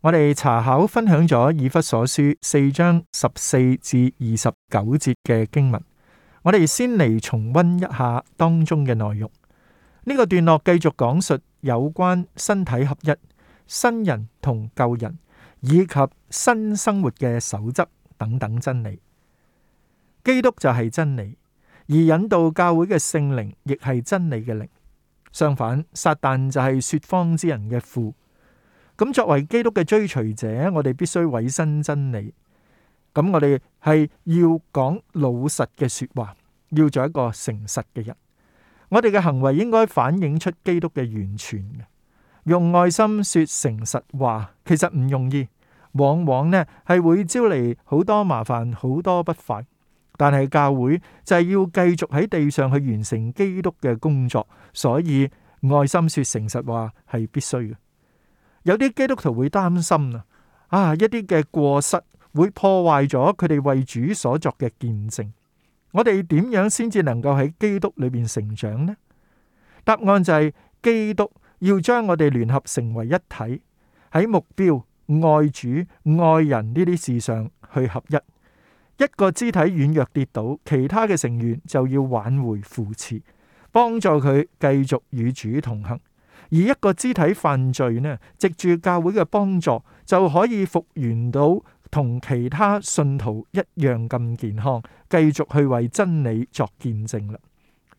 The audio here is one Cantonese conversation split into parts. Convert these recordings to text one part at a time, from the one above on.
我哋查考分享咗以弗所書四章十四至二十九節嘅經文，我哋先嚟重温一下當中嘅內容。呢、這個段落繼續講述有關身體合一、新人同舊人以及新生活嘅守則等等真理。基督就係真理，而引導教會嘅聖靈亦係真理嘅靈。相反，撒旦就係說謊之人嘅父。咁作為基督嘅追隨者，我哋必須委身真理。咁我哋係要講老實嘅說話，要做一個誠實嘅人。我哋嘅行為應該反映出基督嘅完全。用愛心說誠實話，其實唔容易，往往呢係會招嚟好多麻煩、好多不快。但係教會就係要繼續喺地上去完成基督嘅工作，所以愛心說誠實話係必須嘅。有啲基督徒會擔心啦，啊，一啲嘅過失會破壞咗佢哋為主所作嘅見證。我哋點樣先至能夠喺基督裏邊成長呢？答案就係基督要將我哋聯合成為一體，喺目標、愛主、愛人呢啲事上去合一。一個肢體軟弱跌倒，其他嘅成員就要挽回扶持，幫助佢繼續與主同行。以而一個肢體犯罪呢，藉住教會嘅幫助，就可以復原到同其他信徒一樣咁健康，繼續去為真理作見證啦。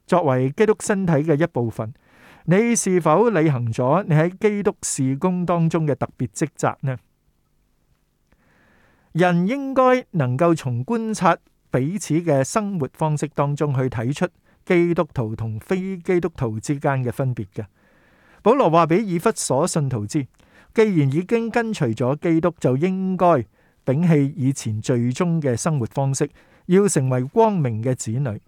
作為基督身體嘅一部分，你是否履行咗你喺基督事工當中嘅特別職責呢？人應該能夠從觀察彼此嘅生活方式當中去睇出基督徒同非基督徒之間嘅分別嘅。保羅話俾以弗所信徒知，既然已經跟隨咗基督，就應該摒棄以前最終嘅生活方式，要成為光明嘅子女。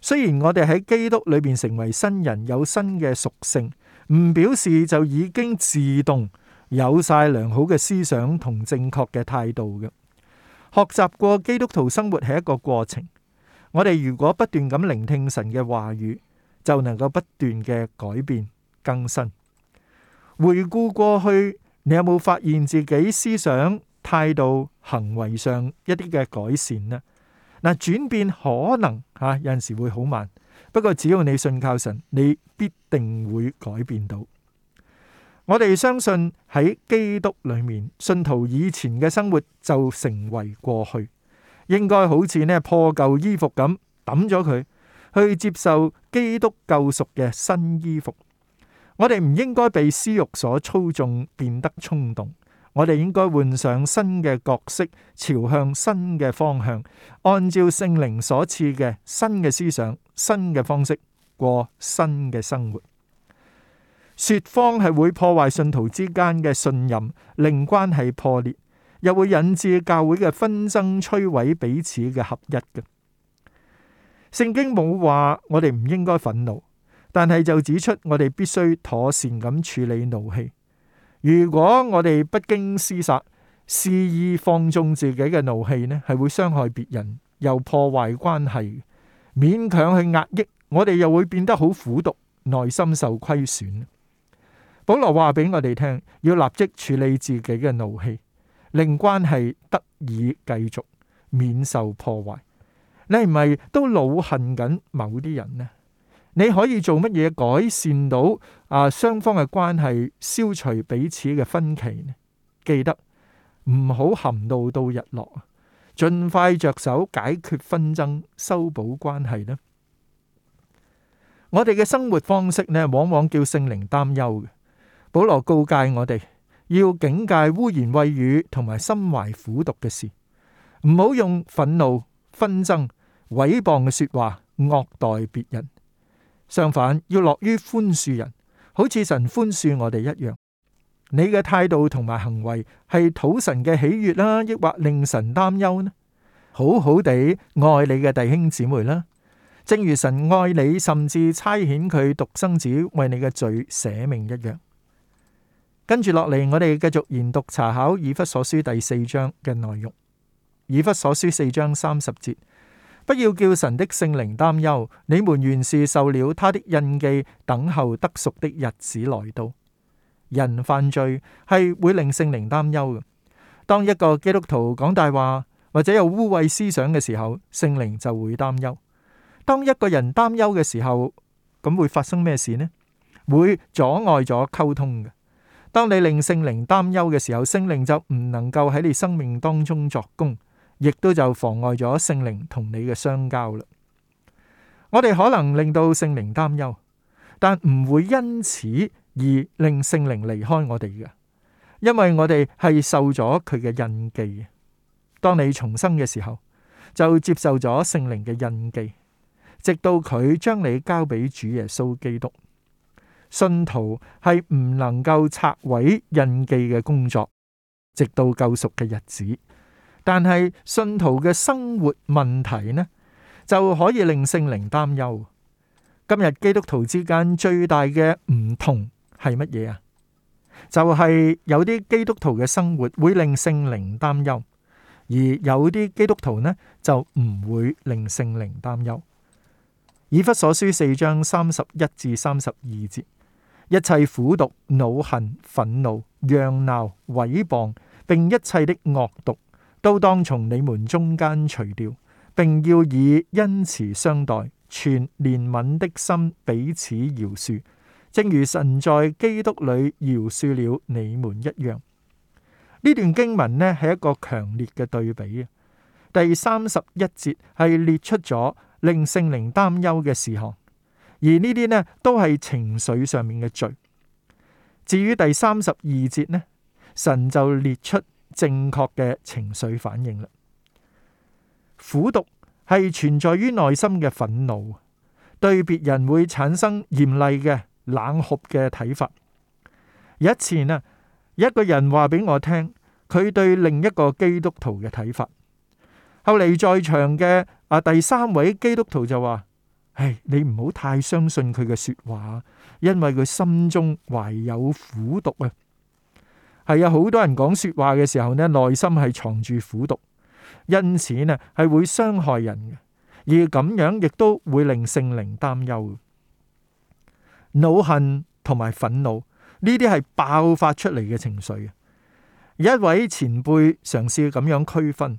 雖然我哋喺基督裏面成為新人，有新嘅屬性，唔表示就已經自動有晒良好嘅思想同正確嘅態度嘅。學習過基督徒生活係一個過程，我哋如果不斷咁聆聽神嘅話語，就能夠不斷嘅改變。更新。回顧過去，你有冇發現自己思想、態度、行為上一啲嘅改善呢？嗱，轉變可能吓、啊、有陣時會好慢，不過只要你信靠神，你必定會改變到。我哋相信喺基督裏面，信徒以前嘅生活就成為過去，應該好似呢破舊衣服咁抌咗佢，去接受基督救贖嘅新衣服。我哋唔應該被私欲所操縱，變得衝動。我哋應該換上新嘅角色，朝向新嘅方向，按照聖靈所賜嘅新嘅思想、新嘅方式過新嘅生活。說謊係會破壞信徒之間嘅信任，令關係破裂，又會引致教會嘅紛爭，摧毀彼此嘅合一嘅。聖經冇話我哋唔應該憤怒。但係就指出，我哋必須妥善咁處理怒氣。如果我哋不經施殺，肆意放縱自己嘅怒氣呢，係會傷害別人，又破壞關係。勉強去壓抑，我哋又會變得好苦毒，內心受虧損。保羅話俾我哋聽，要立即處理自己嘅怒氣，令關係得以繼續，免受破壞。你係咪都老恨緊某啲人呢？你可以做乜嘢改善到啊？雙方嘅關係，消除彼此嘅分歧呢？記得唔好含怒到日落，盡快着手解決紛爭，修補關係咧。我哋嘅生活方式咧，往往叫聖靈擔憂嘅。保羅告誡我哋要警戒污言穢語，同埋心懷苦毒嘅事，唔好用憤怒、紛爭、毀謗嘅說話，惡待別人。相反，要樂於寬恕人，好似神寬恕我哋一樣。你嘅態度同埋行為係討神嘅喜悅啦、啊，抑或令神擔憂呢？好好地愛你嘅弟兄姊妹啦、啊，正如神愛你，甚至差遣佢獨生子為你嘅罪捨命一樣。跟住落嚟，我哋繼續研讀查考以弗所書第四章嘅內容。以弗所書四章三十節。不要叫神的聖靈擔憂，你們原是受了他的印記，等候得贖的日子來到。人犯罪係會令聖靈擔憂嘅。當一個基督徒講大話或者有污穢思想嘅時候，聖靈就會擔憂。當一個人擔憂嘅時候，咁會發生咩事呢？會阻礙咗溝通嘅。當你令聖靈擔憂嘅時候，聖靈就唔能夠喺你生命當中作工。亦都就妨礙咗聖靈同你嘅相交啦。我哋可能令到聖靈擔憂，但唔會因此而令聖靈離開我哋嘅，因為我哋係受咗佢嘅印記。當你重生嘅時候，就接受咗聖靈嘅印記，直到佢將你交俾主耶穌基督。信徒係唔能夠拆毀印記嘅工作，直到救贖嘅日子。但係信徒嘅生活問題呢，就可以令聖靈擔憂。今日基督徒之間最大嘅唔同係乜嘢啊？就係有啲基督徒嘅生活會令聖靈擔憂，而有啲基督徒呢就唔會令聖靈擔憂。以弗所書四章三十一至三十二節，一切苦毒、惱恨、憤怒、嚷鬧、毀謗，並一切的惡毒。都當從你們中間除掉，並要以恩慈相待，存憐憫的心彼此饒恕，正如神在基督裏饒恕了你們一樣。呢段經文呢係一個強烈嘅對比。第三十一節係列出咗令聖靈擔憂嘅事項，而呢啲呢都係情緒上面嘅罪。至於第三十二節呢，神就列出。正確嘅情緒反應啦，苦毒係存在於內心嘅憤怒，對別人會產生嚴厲嘅冷酷嘅睇法。以前啊，一個人話俾我聽，佢對另一個基督徒嘅睇法，後嚟在場嘅啊第三位基督徒就話：唉，你唔好太相信佢嘅說話，因為佢心中懷有苦毒啊。係啊，好多人講說話嘅時候咧，內心係藏住苦毒，因此呢係會傷害人嘅，而咁樣亦都會令聖靈擔憂。惱恨同埋憤怒呢啲係爆發出嚟嘅情緒嘅。一位前輩嘗試咁樣區分，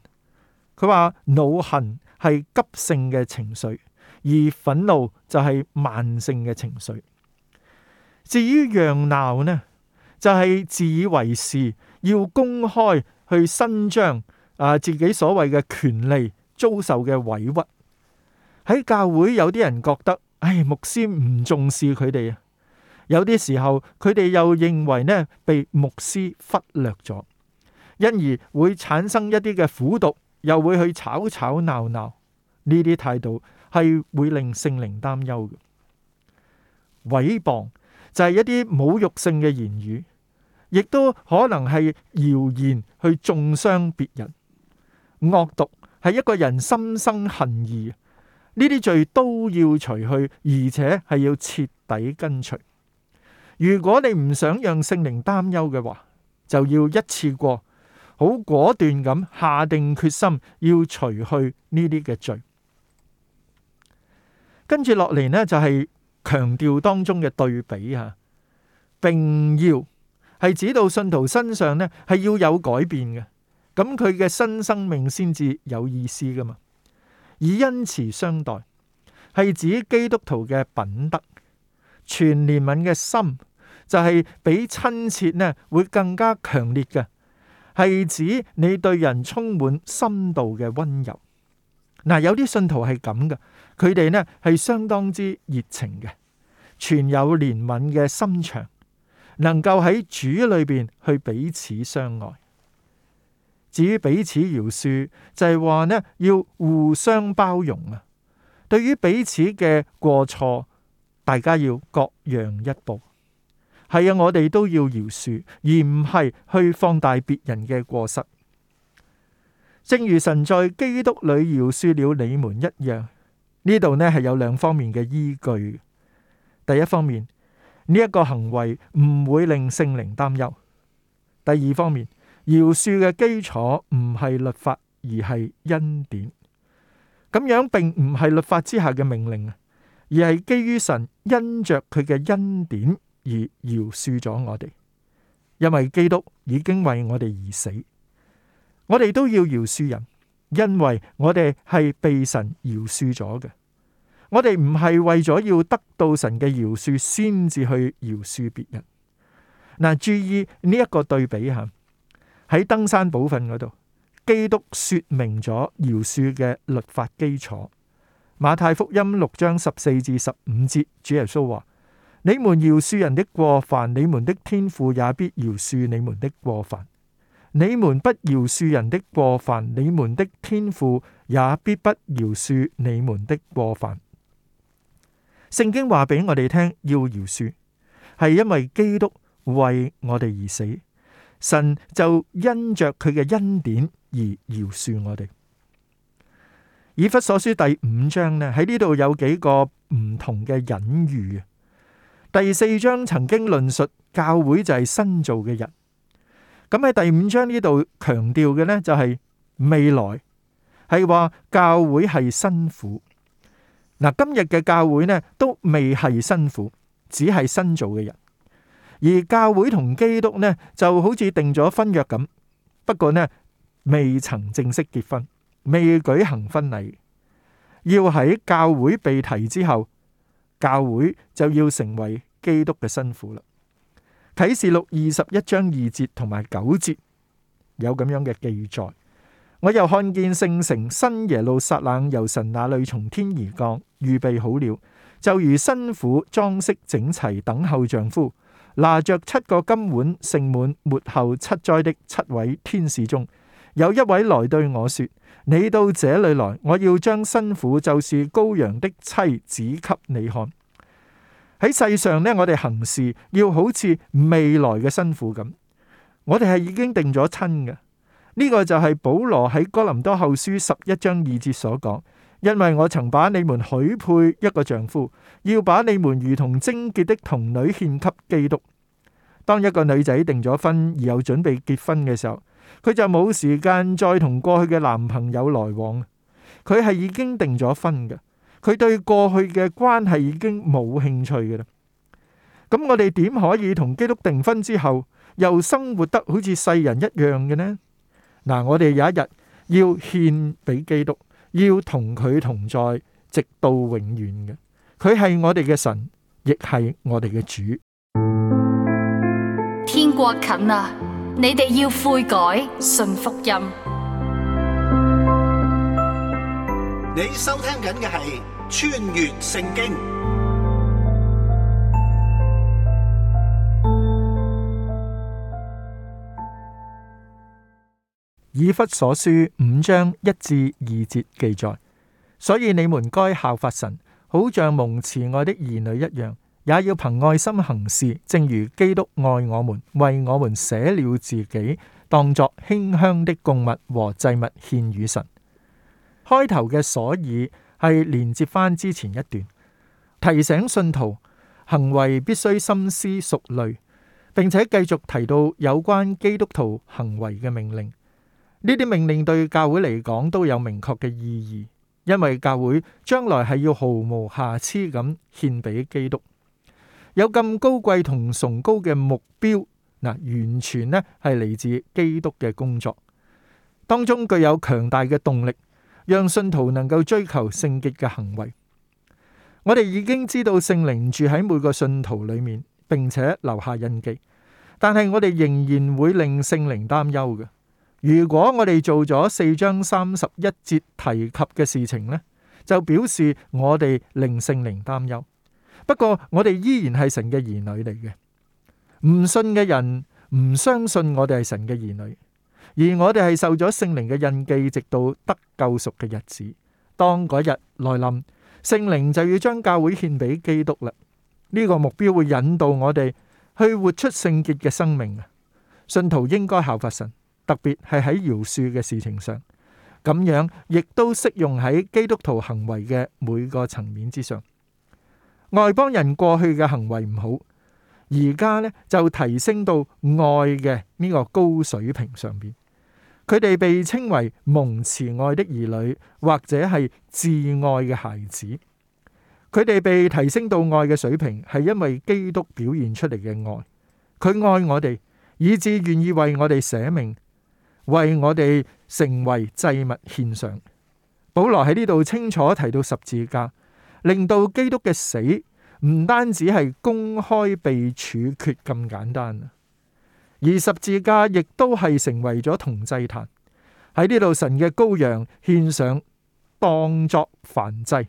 佢話惱恨係急性嘅情緒，而憤怒就係慢性嘅情緒。至於嚷鬧呢？就係自以為是，要公開去伸張啊自己所謂嘅權利，遭受嘅委屈。喺教會有啲人覺得，唉、哎，牧師唔重視佢哋啊。有啲時候，佢哋又認為呢被牧師忽略咗，因而會產生一啲嘅苦毒，又會去吵吵鬧鬧。呢啲態度係會令聖靈擔憂嘅。毀謗就係一啲侮辱性嘅言語。亦都可能係謠言去中傷別人，惡毒係一個人心生恨意。呢啲罪都要除去，而且係要徹底根除。如果你唔想讓聖靈擔憂嘅話，就要一次過好果斷咁下定決心要除去呢啲嘅罪。跟住落嚟，呢，就係強調當中嘅對比呀，並要。係指到信徒身上呢，係要有改變嘅，咁佢嘅新生命先至有意思噶嘛。以恩慈相待，係指基督徒嘅品德，存憐憫嘅心就係比親切呢，會更加強烈嘅。係指你對人充滿深度嘅溫柔。嗱，有啲信徒係咁嘅，佢哋呢係相當之熱情嘅，存有憐憫嘅心腸。能夠喺主裏邊去彼此相愛。至於彼此饒恕，就係話呢要互相包容啊。對於彼此嘅過錯，大家要各讓一步。係啊，我哋都要饒恕，而唔係去放大別人嘅過失。正如神在基督裏饒恕了你們一樣，呢度呢係有兩方面嘅依據。第一方面。呢一個行為唔會令聖靈擔憂。第二方面，饒恕嘅基礎唔係律法，而係恩典。咁樣並唔係律法之下嘅命令啊，而係基於神因着佢嘅恩典而饒恕咗我哋。因為基督已經為我哋而死，我哋都要饒恕人，因為我哋係被神饒恕咗嘅。我哋唔係為咗要得到神嘅饒恕，先至去饒恕別人。嗱，注意呢一個對比下，喺登山寶訓嗰度，基督說明咗饒恕嘅律法基礎。馬太福音六章十四至十五節，主耶穌話：你們饒恕人的過犯，你們的天父也必饒恕你們的過犯；你們不饒恕人的過犯，你們的天父也必不饒恕你們的過犯。聖經話俾我哋聽要饒恕，係因為基督為我哋而死，神就因着佢嘅恩典而饒恕我哋。以弗所書第五章呢，喺呢度有幾個唔同嘅隱喻。第四章曾經論述教會就係新造嘅人，咁喺第五章呢度強調嘅呢，就係未來，係話教會係辛苦。嗱，今日嘅教會呢，都未係新婦，只係新造嘅人。而教會同基督呢，就好似定咗婚約咁，不過呢，未曾正式結婚，未舉行婚禮，要喺教會被提之後，教會就要成為基督嘅新婦啦。啟示錄二十一章二節同埋九節有咁樣嘅記載。我又看見聖城新耶路撒冷由神那裡從天而降，預備好了，就如新婦裝飾整齊等候丈夫，拿着七個金碗盛滿末後七災的七位天使中，有一位來對我說：你到這裡來，我要將新婦，就是羔羊的妻子給你看。喺世上呢，我哋行事要好似未來嘅新婦咁，我哋係已經定咗親嘅。呢個就係保羅喺哥林多後書十一章二節所講，因為我曾把你們許配一個丈夫，要把你們如同貞潔的童女獻給基督。當一個女仔定咗婚而又準備結婚嘅時候，佢就冇時間再同過去嘅男朋友來往。佢係已經定咗婚㗎，佢對過去嘅關係已經冇興趣㗎啦。咁我哋點可以同基督訂婚之後，又生活得好似世人一樣嘅呢？嗱，我哋有一日要獻俾基督，要同佢同在，直到永遠嘅。佢係我哋嘅神，亦係我哋嘅主。天國近啦，你哋要悔改，信福音。你收聽緊嘅係《穿越聖經》。以弗所書五章一至二節記載，所以你們該效法神，好像蒙慈愛的兒女一樣，也要憑愛心行事，正如基督愛我們，為我們捨了自己，當作馨香的供物和祭物獻與神。開頭嘅所以係連接翻之前一段，提醒信徒行為必須深思熟慮，並且繼續提到有關基督徒行為嘅命令。呢啲命令對教會嚟講都有明確嘅意義，因為教會將來係要毫無瑕疵咁獻俾基督，有咁高貴同崇高嘅目標，嗱完全咧係嚟自基督嘅工作，當中具有強大嘅動力，讓信徒能夠追求聖潔嘅行為。我哋已經知道聖靈住喺每個信徒裏面，並且留下印記，但係我哋仍然會令聖靈擔憂嘅。如果我哋做咗四章三十一節提及嘅事情呢，就表示我哋令聖靈擔憂。不過我哋依然係神嘅兒女嚟嘅。唔信嘅人唔相信我哋係神嘅兒女，而我哋係受咗聖靈嘅印記，直到得救贖嘅日子。當嗰日來臨，聖靈就要將教會獻俾基督啦。呢個目標會引導我哋去活出聖潔嘅生命。信徒應該效法神。特別係喺饒恕嘅事情上，咁樣亦都適用喺基督徒行為嘅每個層面之上。外邦人過去嘅行為唔好，而家呢就提升到愛嘅呢個高水平上面。佢哋被稱為蒙慈愛的兒女，或者係摯愛嘅孩子。佢哋被提升到愛嘅水平，係因為基督表現出嚟嘅愛。佢愛我哋，以致願意為我哋捨命。為我哋成為祭物獻上。保羅喺呢度清楚提到十字架，令到基督嘅死唔單止係公開被處決咁簡單，而十字架亦都係成為咗同祭壇喺呢度神嘅羔羊獻上，當作燔祭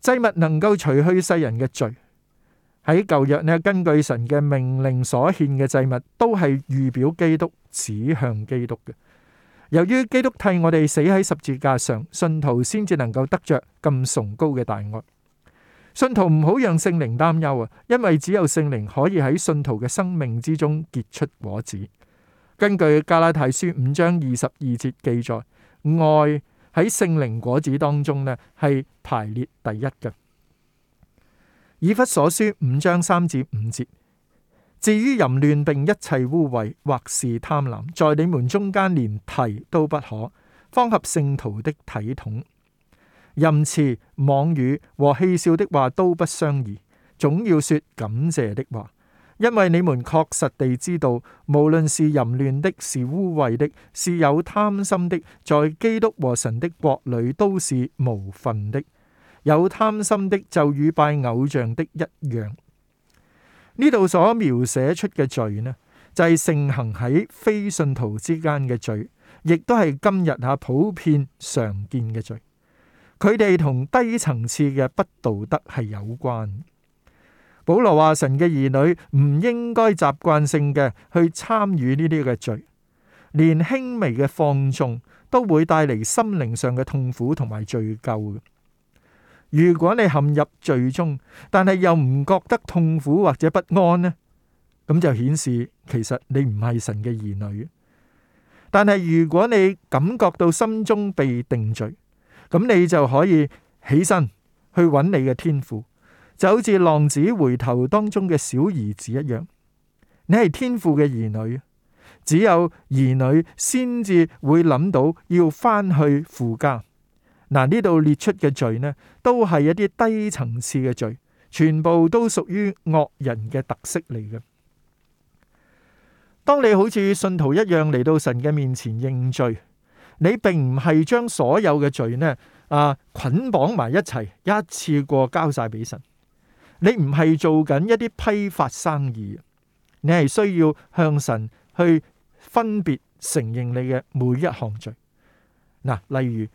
祭物，能夠除去世人嘅罪。喺舊約呢，根據神嘅命令所獻嘅祭物，都係預表基督、指向基督嘅。由於基督替我哋死喺十字架上，信徒先至能夠得着咁崇高嘅大愛。信徒唔好讓聖靈擔憂啊，因為只有聖靈可以喺信徒嘅生命之中結出果子。根據加拉太書五章二十二節記載，愛喺聖靈果子當中呢係排列第一嘅。以弗所書五章三至五節，至於淫亂並一切污穢，或是貪婪，在你們中間連提都不可，方合聖徒的體統。淫詞、妄語和戲笑的話都不相宜，總要說感謝的話，因為你們確實地知道，無論是淫亂的，是污穢的，是有貪心的，在基督和神的國裏都是無份的。有貪心的就與拜偶像的一樣。呢度所描寫出嘅罪呢，就係盛行喺非信徒之間嘅罪，亦都係今日下普遍常見嘅罪。佢哋同低層次嘅不道德係有關。保羅話：神嘅兒女唔應該習慣性嘅去參與呢啲嘅罪，連輕微嘅放縱都會帶嚟心靈上嘅痛苦同埋罪疚。如果你陷入罪中，但係又唔覺得痛苦或者不安呢？咁就顯示其實你唔係神嘅兒女。但係如果你感覺到心中被定罪，咁你就可以起身去揾你嘅天父，就好似浪子回頭當中嘅小兒子一樣。你係天父嘅兒女，只有兒女先至會諗到要翻去父家。嗱，呢度列出嘅罪呢，都係一啲低層次嘅罪，全部都屬於惡人嘅特色嚟嘅。當你好似信徒一樣嚟到神嘅面前認罪，你並唔係將所有嘅罪呢啊捆綁埋一齊一次過交晒俾神。你唔係做緊一啲批發生意，你係需要向神去分別承認你嘅每一項罪。嗱，啊，例如。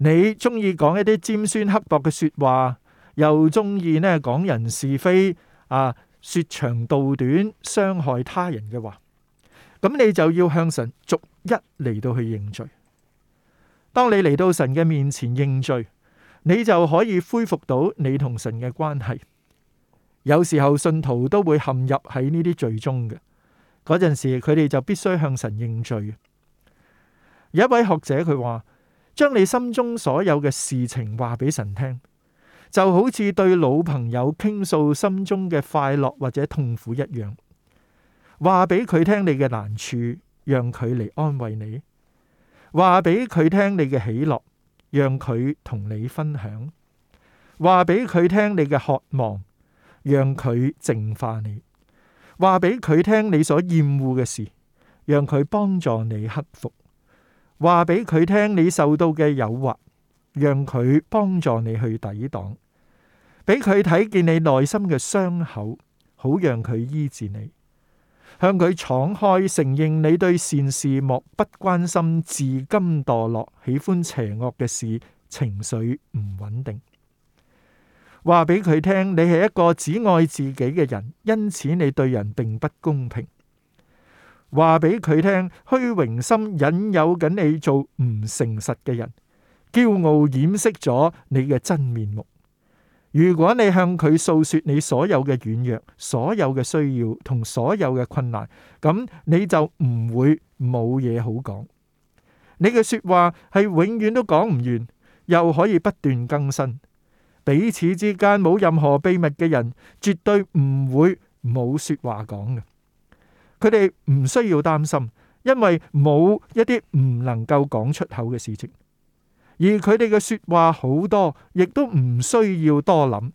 你中意講一啲尖酸刻薄嘅說話，又中意咧講人是非啊，說長道短，傷害他人嘅話，咁你就要向神逐一嚟到去認罪。當你嚟到神嘅面前認罪，你就可以恢復到你同神嘅關係。有時候信徒都會陷入喺呢啲罪中嘅，嗰陣時佢哋就必須向神認罪。有一位學者佢話：將你心中所有嘅事情話俾神聽，就好似對老朋友傾訴心中嘅快樂或者痛苦一樣。話俾佢聽你嘅難處，讓佢嚟安慰你；話俾佢聽你嘅喜樂，讓佢同你分享；話俾佢聽你嘅渴望，讓佢淨化你；話俾佢聽你所厭惡嘅事，讓佢幫助你克服。話俾佢聽你受到嘅誘惑，讓佢幫助你去抵擋；俾佢睇見你內心嘅傷口，好讓佢醫治你。向佢敞開，承認你對善事莫不關心，至今墮落，喜歡邪惡嘅事，情緒唔穩定。話俾佢聽，你係一個只愛自己嘅人，因此你對人並不公平。話俾佢聽，虛榮心引誘緊你做唔誠實嘅人，驕傲掩飾咗你嘅真面目。如果你向佢訴說你所有嘅軟弱、所有嘅需要同所有嘅困難，咁你就唔會冇嘢好講。你嘅說話係永遠都講唔完，又可以不斷更新。彼此之間冇任何秘密嘅人，絕對唔會冇說話講嘅。佢哋唔需要擔心，因為冇一啲唔能夠講出口嘅事情，而佢哋嘅說話好多，亦都唔需要多諗，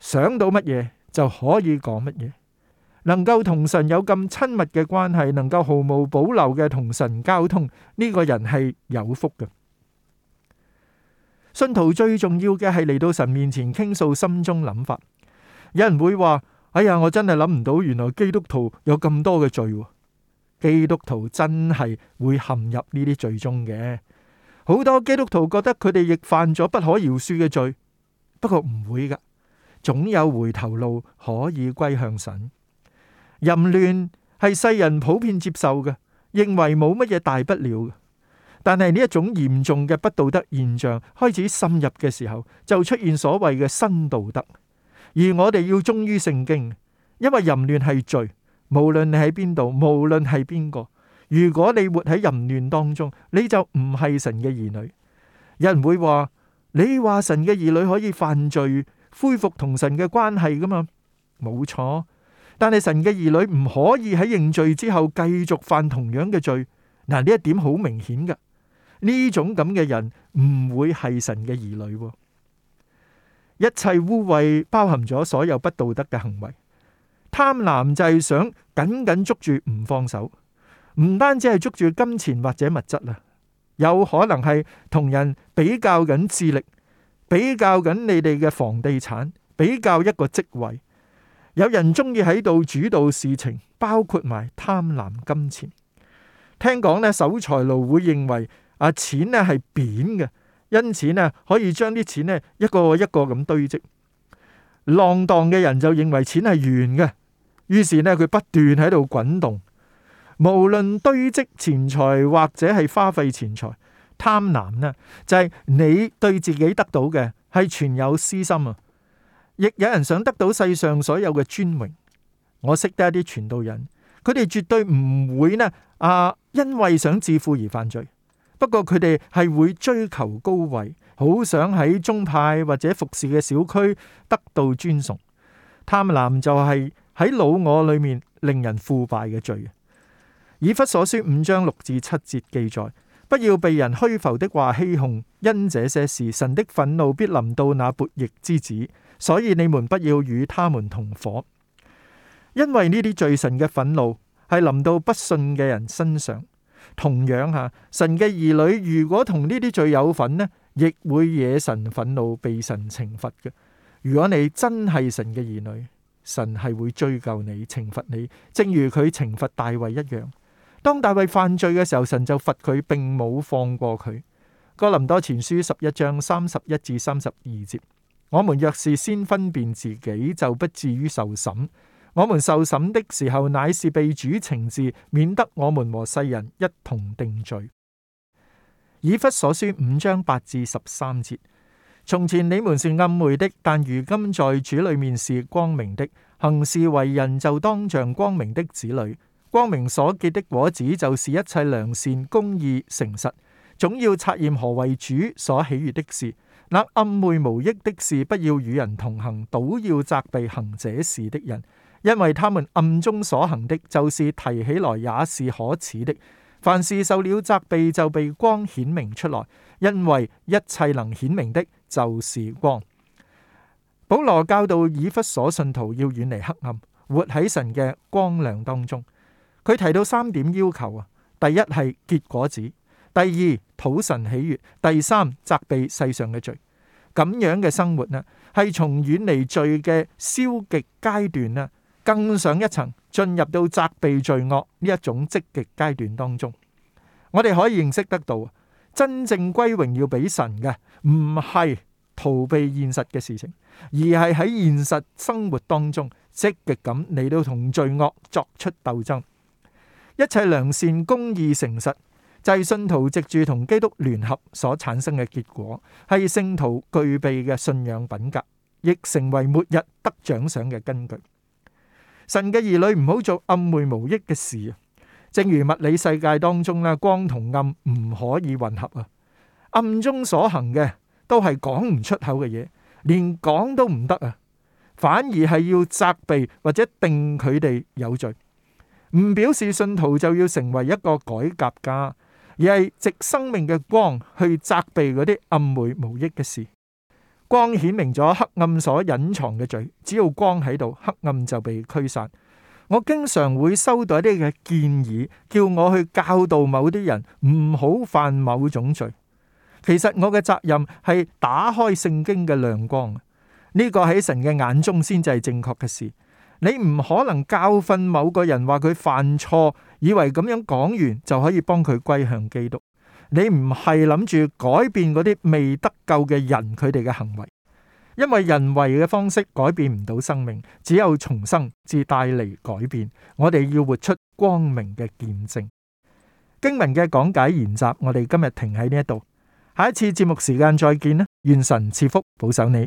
想到乜嘢就可以講乜嘢。能夠同神有咁親密嘅關係，能夠毫無保留嘅同神交通，呢個人係有福嘅。信徒最重要嘅係嚟到神面前傾訴心中諗法。有人會話：哎呀，我真係諗唔到，原來基督徒有咁多嘅罪啊。基督徒真係會陷入呢啲罪中嘅。好多基督徒覺得佢哋亦犯咗不可饒恕嘅罪，不過唔會噶，總有回頭路可以歸向神。淫亂係世人普遍接受嘅，認為冇乜嘢大不了。但係呢一種嚴重嘅不道德現象開始深入嘅時候，就出現所謂嘅新道德。而我哋要忠於聖經，因為淫亂係罪，無論你喺邊度，無論係邊個，如果你活喺淫亂當中，你就唔係神嘅兒女。有人會話，你話神嘅兒女可以犯罪恢復同神嘅關係㗎嘛？冇錯，但係神嘅兒女唔可以喺認罪之後繼續犯同樣嘅罪。嗱，呢一點好明顯㗎，呢種咁嘅人唔會係神嘅兒女。一切污穢包含咗所有不道德嘅行為，貪婪就係想緊緊捉住唔放手，唔單止係捉住金錢或者物質啦，有可能係同人比較緊智力，比較緊你哋嘅房地產，比較一個職位。有人中意喺度主導事情，包括埋貪婪金錢。聽講呢，守財奴會認為啊，錢咧係貶嘅。因此咧，可以將啲錢咧一個一個咁堆積。浪蕩嘅人就認為錢係圓嘅，於是咧佢不斷喺度滾動。無論堆積錢財或者係花費錢財，貪婪呢就係你對自己得到嘅係存有私心啊！亦有人想得到世上所有嘅尊榮。我識得一啲傳道人，佢哋絕對唔會呢，啊，因為想致富而犯罪。不過佢哋係會追求高位，好想喺宗派或者服侍嘅小區得到尊崇。貪婪就係喺老我裏面令人腐敗嘅罪。以弗所書五章六至七節記載：不要被人虛浮的話欺哄，因這些事神的憤怒必臨到那悖逆之子，所以你們不要與他們同伙，因為呢啲罪神嘅憤怒係臨到不信嘅人身上。同樣吓，神嘅兒女如果同呢啲罪有份呢，亦會惹神憤怒，被神懲罰嘅。如果你真係神嘅兒女，神係會追究你，懲罰你，正如佢懲罰大衛一樣。當大衛犯罪嘅時候，神就罰佢，並冇放過佢。哥林多前書十一章三十一至三十二節：我們若是先分辨自己，就不至於受審。我們受審的時候，乃是被主懲治，免得我們和世人一同定罪。以弗所書五章八至十三節：從前你們是暗昧的，但如今在主裏面是光明的。行事為人就當像光明的子女，光明所結的果子就是一切良善、公義、誠實。總要察驗何為主所喜悦的事，那暗昧無益的事，不要與人同行。倒要責備行這事的人。因為他們暗中所行的，就是提起來也是可恥的。凡事受了責備，就被光顯明出來。因為一切能顯明的，就是光。保羅教導以弗所信徒要遠離黑暗，活喺神嘅光亮當中。佢提到三點要求啊：第一係結果子，第二討神喜悅，第三責備世上嘅罪。咁樣嘅生活呢，係從遠離罪嘅消極階段呢。更上一層，進入到責備罪惡呢一種積極階段當中，我哋可以認識得到真正歸榮要俾神嘅，唔係逃避現實嘅事情，而係喺現實生活當中積極咁嚟到同罪惡作出鬥爭。一切良善、公義、誠實，就係信徒藉住同基督聯合所產生嘅結果，係聖徒具備嘅信仰品格，亦成為末日得獎賞嘅根據。神嘅兒女唔好做暗昧無益嘅事啊！正如物理世界當中咧，光同暗唔可以混合啊。暗中所行嘅都係講唔出口嘅嘢，連講都唔得啊！反而係要責備或者定佢哋有罪，唔表示信徒就要成為一個改革家，而係藉生命嘅光去責備嗰啲暗昧無益嘅事。光顯明咗黑暗所隱藏嘅罪，只要光喺度，黑暗就被驅散。我經常會收到一啲嘅建議，叫我去教導某啲人唔好犯某種罪。其實我嘅責任係打開聖經嘅亮光，呢個喺神嘅眼中先至係正確嘅事。你唔可能教訓某個人話佢犯錯，以為咁樣講完就可以幫佢歸向基督。你唔係諗住改變嗰啲未得救嘅人佢哋嘅行為，因為人為嘅方式改變唔到生命，只有重生至帶嚟改變。我哋要活出光明嘅見證。經文嘅講解研習，我哋今日停喺呢一度，下一次節目時間再見啦。願神賜福保守你。